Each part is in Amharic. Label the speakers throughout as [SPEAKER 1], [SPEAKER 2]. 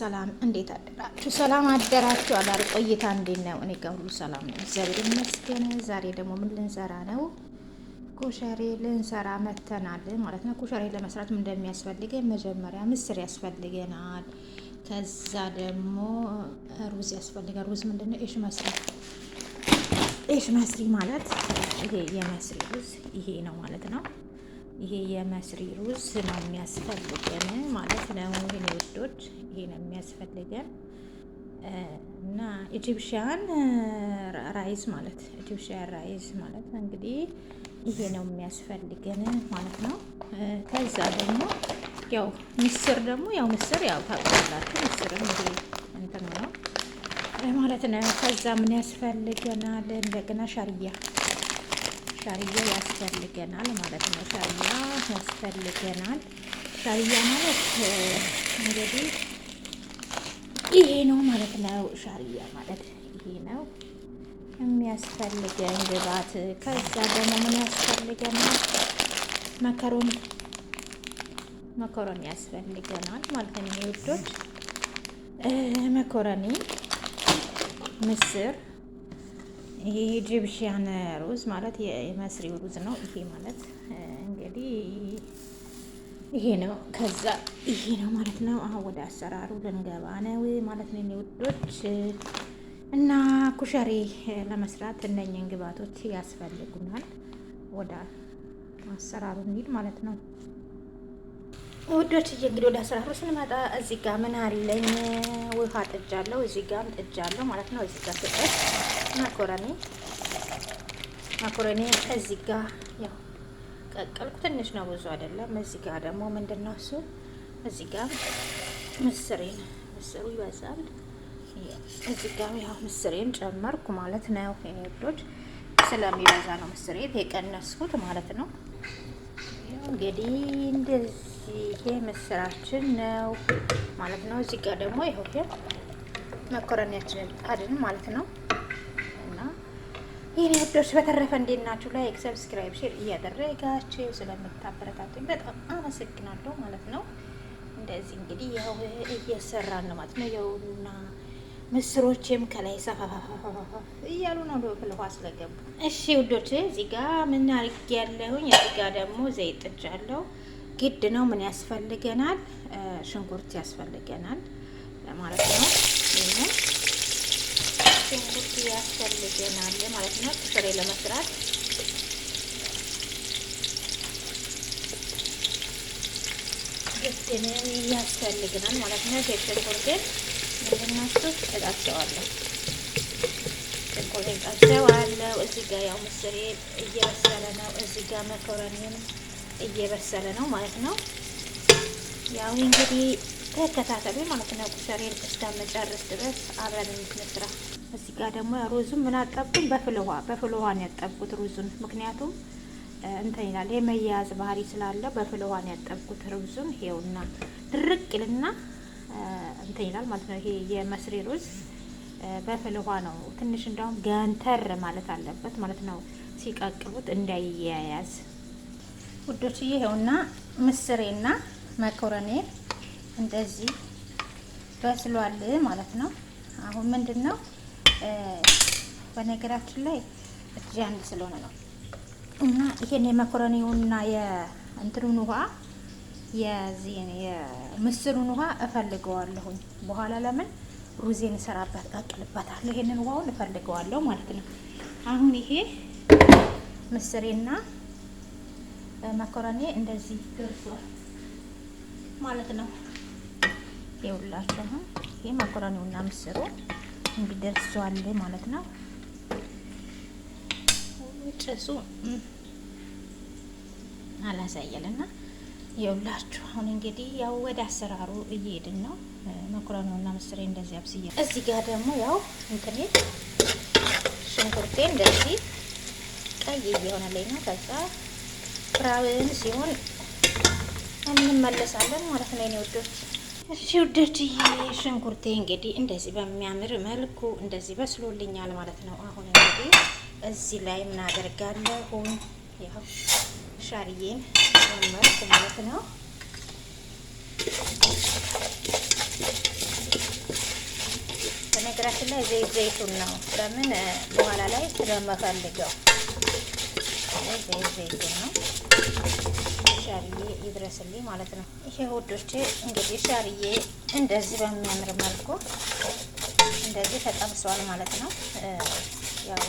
[SPEAKER 1] ሰላም እንዴት አደራችሁ? ሰላም አደራችሁ? አዳር ቆይታ እንዴት ነው? እኔ ጋር ሁሉ ሰላም ነው፣ እግዚአብሔር ይመስገን። ዛሬ ደግሞ ምን ልንሰራ ነው? ኮሸሬ ልንሰራ መተናል ማለት ነው። ኮሸሬ ለመስራት ምን እንደሚያስፈልገን መጀመሪያ ምስር ያስፈልገናል። ከዛ ደግሞ ሩዝ ያስፈልጋል። ሩዝ ምንድን ነው? ኤሽ መስሪ። ኤሽ መስሪ ማለት ይሄ የመስሪ ሩዝ ይሄ ነው ማለት ነው። ይሄ የመስሪ ሩዝ ነው የሚያስፈልገን ማለት ነው። ይህን ውዶች ይሄ ነው የሚያስፈልገን እና ኢጂፕሽያን ራይዝ ማለት ኢጂፕሽያን ራይዝ ማለት እንግዲህ ይሄ ነው የሚያስፈልገን ማለት ነው። ከዛ ደግሞ ያው ምስር ደግሞ ያው ምስር ያው ታውቃላችሁ ምስርም ይሄ እንትን ነው ማለት ነው። ከዛ ምን ያስፈልገናል እንደገና ሻርያ ሻርያ ያስፈልገናል ማለት ነው። ሻርያ ያስፈልገናል። ሻርያ ማለት እንግዲህ ይሄ ነው ማለት ነው። ሻርያ ማለት ይሄ ነው የሚያስፈልገን ግባት። ከዛ ደግሞ ምን ያስፈልገናል? መከሮኒ መኮረኒ ያስፈልገናል ማለት ነው። ውዶች መኮረኒ ምስር የኢጂፕሽያን ሩዝ ማለት የመስሪ ሩዝ ነው። ይሄ ማለት እንግዲህ ይሄ ነው። ከዛ ይሄ ነው ማለት ነው። አሁን ወደ አሰራሩ ልንገባ ነው ማለት ነው። ውዶች እና ኩሸሪ ለመስራት እነኝን ግብአቶች ያስፈልጉናል። ወደ አሰራሩ እንሂድ ማለት ነው። ውዶች እንግዲህ ወደ አሰራሩ ስንመጣ እዚህ ጋር ምን አለኝ? ውሃ ጥጃለሁ፣ እዚህ ጋርም ጥጃለሁ ማለት ነው። እዚህ ጋር መኮረኒ መኮረኒ እዚህ ጋር ያው ቀቀልኩ። ትንሽ ነው ብዙ አይደለም። እዚህ ጋር ደግሞ ምንድን ነው እሱ እዚህ ጋር ምስሬን ምስሩ ይበዛል። እዚህ ጋር ያው ምስሬን ጨመርኩ ማለት ነው። የወዶች ስለሚበዛ ነው ምስሬን የቀነስኩት ማለት ነው። እንግዲህ እንደዚህ ምስራችን ነው ማለት ነው። እዚህ ጋር ደግሞ ይኸው መኮረኒያችንን አድን ማለት ነው። ይህ ወዶች በተረፈ እንዴት ናችሁ? ላይክ፣ ሰብስክራይብ፣ ሼር እያደረጋችሁ ስለምታበረታቱኝ በጣም አመሰግናለሁ ማለት ነው። እንደዚህ እንግዲህ ያው እየሰራን ነው ማለት ነው። የውና ምስሮችም ከላይ ሰፋፋፋፋፋ እያሉ ነው ብለው አስለገቡ። እሺ ውዶች፣ እዚህ ምን ያለሁኝ እዚህ ደግሞ ዘይት ጥጃለሁ። ግድ ነው። ምን ያስፈልገናል? ሽንኩርት ያስፈልገናል ማለት ነው። ሽንኩርት ያስፈልገናል ማለት ነው። ጥፍሬ ለመስራት ግድን ያስፈልገናል ማለት ነው። ሴት ሽንኩርቴን ምንድናችሁ እጣቸዋለሁ ሽንኩርቴን ጣቸዋለሁ። እዚህ ጋር ያው ምስሬ እያበሰለ ነው። እዚህ ጋር መኮረኒን እየበሰለ ነው ማለት ነው። ያው እንግዲህ ተከታተሉ ማለት ነው። ኩሸሬን እስከምጨርስ ድረስ አብረን እንስራ። እዚህ ጋር ደግሞ ሩዙን ምን አጠብኩኝ? በፍልዋ በፍልዋ ነው ያጠብኩት ሩዙን። ምክንያቱም እንትን ይላል የመያያዝ ባህሪ ስላለ በፍልዋ ነው ያጠብኩት ሩዙን። ይሄውና ድርቅ ይልና እንትን ይላል ማለት ነው። ይሄ የመስሪ ሩዝ በፍልዋ ነው። ትንሽ እንደውም ገንተር ማለት አለበት ማለት ነው፣ ሲቀቅሉት እንዳይያያዝ ውዶች። ይሄውና ምስሬና መኮረኔ እንደዚህ በስሏል ማለት ነው። አሁን ምንድን ነው በነገራችን ላይ እጅ አንድ ስለሆነ ነው እና ይሄን የመኮረኒውና የእንትኑን ውሃ የዚህ የምስሩን ውሃ እፈልገዋለሁኝ በኋላ ለምን ሩዜን እሰራበት ቀቅልበታለሁ። ይሄንን ውሃውን እፈልገዋለሁ ማለት ነው። አሁን ይሄ ምስሬና መኮረኔ እንደዚህ ደርሷል ማለት ነው። ይኸውላችሁ አሁን ይሄ መኮረኒውና ምስሩ እንዲደርሷል ማለት ነው። ጭሱ አላሳየልና ይኸውላችሁ አሁን እንግዲህ ያው ወደ አሰራሩ እየሄድን ነው። መኮረኒውና ምስሬ እንደዚህ አብስዬ እዚህ ጋር ደግሞ ያው እንትኔ ሽንኩርቴ እንደዚህ ቀይ እየሆነልኝ ነው። ከዛ ብራውን ሲሆን እንመለሳለን ማለት ነው የኔ ውዶች። እሺ ውዶችዬ ሽንኩርቴ እንግዲህ እንደዚህ በሚያምር መልኩ እንደዚህ በስሎልኛል ማለት ነው። አሁን እንግዲህ እዚህ ላይ ምን አደርጋለሁ? ያው ሻርዬን መልኩ ማለት ነው። በነገራችን ላይ ዘይት ዘይቱን ነው ለምን በኋላ ላይ ስለመፈልገው ዘይት ዘይቱን ነው ሻርዬ ይድረስልኝ ማለት ነው። ይሄ ውዶቼ እንግዲህ ሻርዬ እንደዚህ በሚያምር መልኩ እንደዚህ ተጠብሷል ማለት ነው። ያው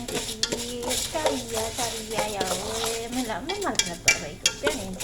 [SPEAKER 1] እንግዲህ ሻርያ ሻርያ ያው ምን ማለት ነበር በኢትዮጵያ እንጃ።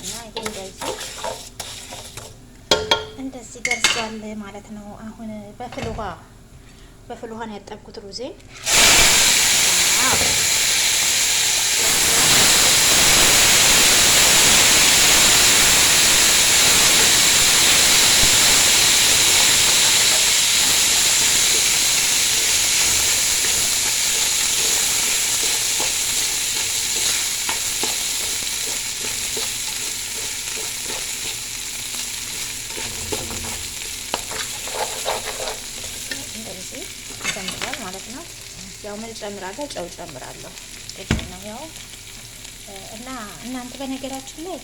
[SPEAKER 1] እና ይሄ እንደዚህ እንደዚህ ደርሷል ማለት ነው። አሁን በፍል ውሃ ነው ያጠብኩት ሩዜ ጨምራለሁ፣ ጨው ጨምራለሁ። ጤፍ ነው ያው እና እናንተ በነገራችን ላይ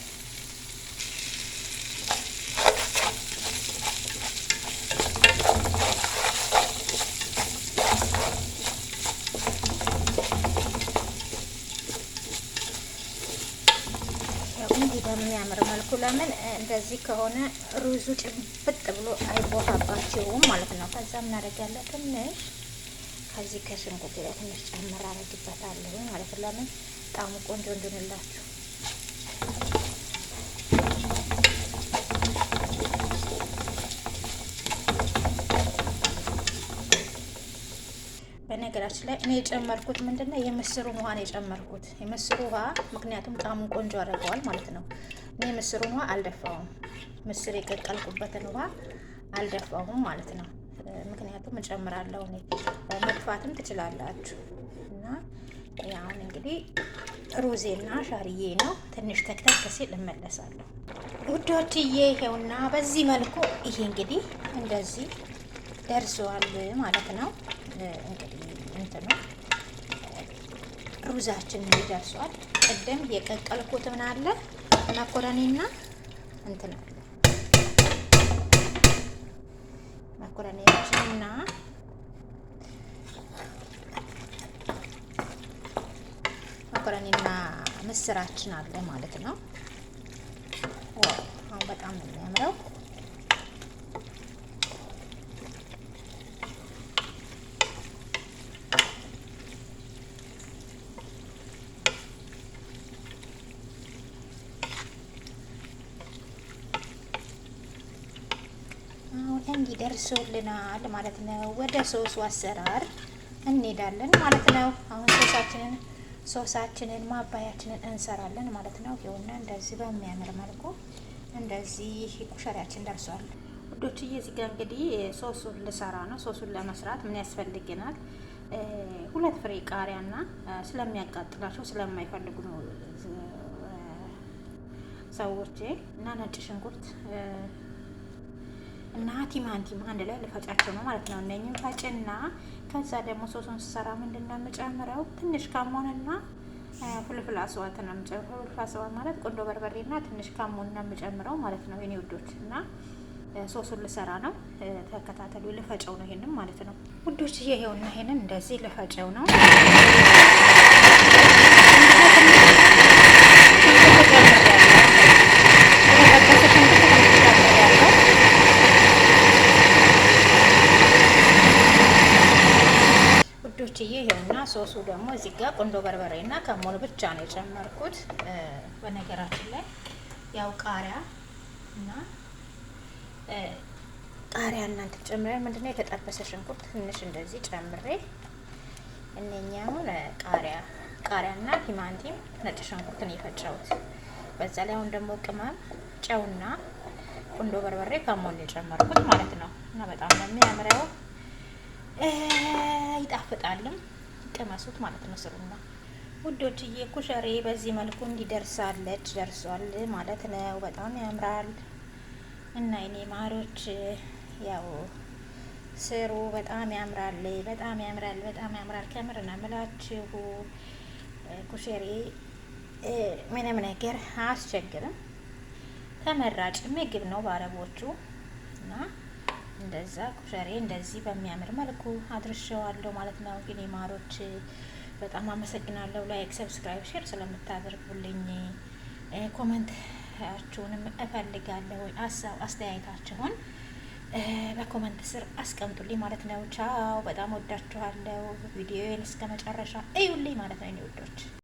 [SPEAKER 1] በሚያምር መልኩ ለምን እንደዚህ ከሆነ ሩዙ ጭብጥ ብሎ አይቦታባቸውም ማለት ነው። ከዛ እናደርጋለን ትንሽ ከዚህ ከሽንኩርት ላይ ትንሽ ጨምር አረግበታለሁ ማለት ለምን ጣሙ ቆንጆ እንድንላችሁ በነገራችን ላይ እኔ የጨመርኩት ምንድነው የምስሩን ውሃ ነው የጨመርኩት። የምስሩ ውሃ ምክንያቱም ጣዕሙን ቆንጆ አድርገዋል ማለት ነው። እኔ የምስሩን ውሃ አልደፋውም። ምስር የቀቀልኩበትን ውሃ አልደፋውም ማለት ነው። ምክንያቱም እጨምራለሁ እኔ መጥፋትም ትችላላችሁ። እና አሁን እንግዲህ ሩዜና ሻርዬ ነው። ትንሽ ተክተክ ሲል እመለሳለሁ ውዶችዬ። ይሄውና በዚህ መልኩ ይሄ እንግዲህ እንደዚህ ደርሰዋል ማለት ነው። እንግዲህ እንትኑ ሩዛችን ደርሷል። ቅድም የቀቀልኩት ምን አለ መኮረኒና እንትን করে নিচ্ছি ምስራችን አለ ማለት ነው። አሁን በጣም ነው የሚያምረው። ደርሶልናል ማለት ነው። ወደ ሶሱ አሰራር እንሄዳለን ማለት ነው። አሁን ሶሳችንን ሶሳችንን ማባያችንን እንሰራለን ማለት ነው። ይኸውና እንደዚህ በሚያምር መልኩ እንደዚህ ኩሸሪያችን ደርሷል። ውዶችዬ እዚህ ጋር እንግዲህ ሶሱን ልሰራ ነው። ሶሱን ለመስራት ምን ያስፈልግናል? ሁለት ፍሬ ቃሪያና ስለሚያቃጥላቸው ስለማይፈልጉ ነው ሰዎቼ እና ነጭ ሽንኩርት እና ቲማቲም አንድ ላይ ልፈጫቸው ነው ማለት ነው። እነኝም ፈጭና ከዛ ደግሞ ሶሱን ስሰራ ምንድን ነው የምጨምረው ትንሽ ካሞንና ፍልፍል አስዋት ነው የምጨምረው። ፍልፍል አስዋት ማለት ቆንጆ በርበሬና ትንሽ ካሞን ነው የምጨምረው ማለት ነው የኔ ውዶች እና ሶሱን ልሰራ ነው። ተከታተሉ። ልፈጨው ነው ይሄንን ማለት ነው ውዶች። ይሄውና ይሄንን እንደዚህ ልፈጨው ነው ሶሱ ደግሞ እዚህ ጋር ቁንዶ በርበሬ እና ከሞን ብቻ ነው የጨመርኩት። በነገራችን ላይ ያው ቃሪያ እና ቃሪያ እናንተ ጨምረን ምንድነው የተጠበሰ ሽንኩርት ትንሽ እንደዚህ ጨምሬ እነኛውን ቃሪያ ቃሪያ እና ቲማንቲም ነጭ ነው የፈጨሁት በዛ ላይ አሁን ደግሞ ቅመም ጨውና ቁንዶ በርበሬ ከሞን የጨመርኩት ማለት ነው እና በጣም ነው የሚያምረው ይጣፍጣልም። ቅመሱት ማለት ነው ስሩና ውዶችዬ ኩሸሬ በዚህ መልኩ እንዲደርሳለች ደርሷል ማለት ነው። በጣም ያምራል እና የኔ ማሮች ያው ስሩ። በጣም ያምራል፣ በጣም ያምራል፣ በጣም ያምራል። ከምር ነው የምላችሁ ኩሸሬ ምንም ነገር አያስቸግርም። ተመራጭ ምግብ ነው በአረቦቹ እና እንደዛ ኩሸሬ እንደዚህ በሚያምር መልኩ አድርሸዋለሁ ማለት ነው። ግን ማሮች በጣም አመሰግናለሁ። ላይክ፣ ሰብስክራይብ፣ ሼር ስለምታደርጉልኝ ኮመንታችሁንም እፈልጋለሁ። ሀሳብ አስተያየታችሁን በኮመንት ስር አስቀምጡልኝ ማለት ነው። ቻው፣ በጣም ወዳችኋለሁ። ቪዲዮን እስከ መጨረሻ እዩልኝ ማለት ነው የኔ ውዶች።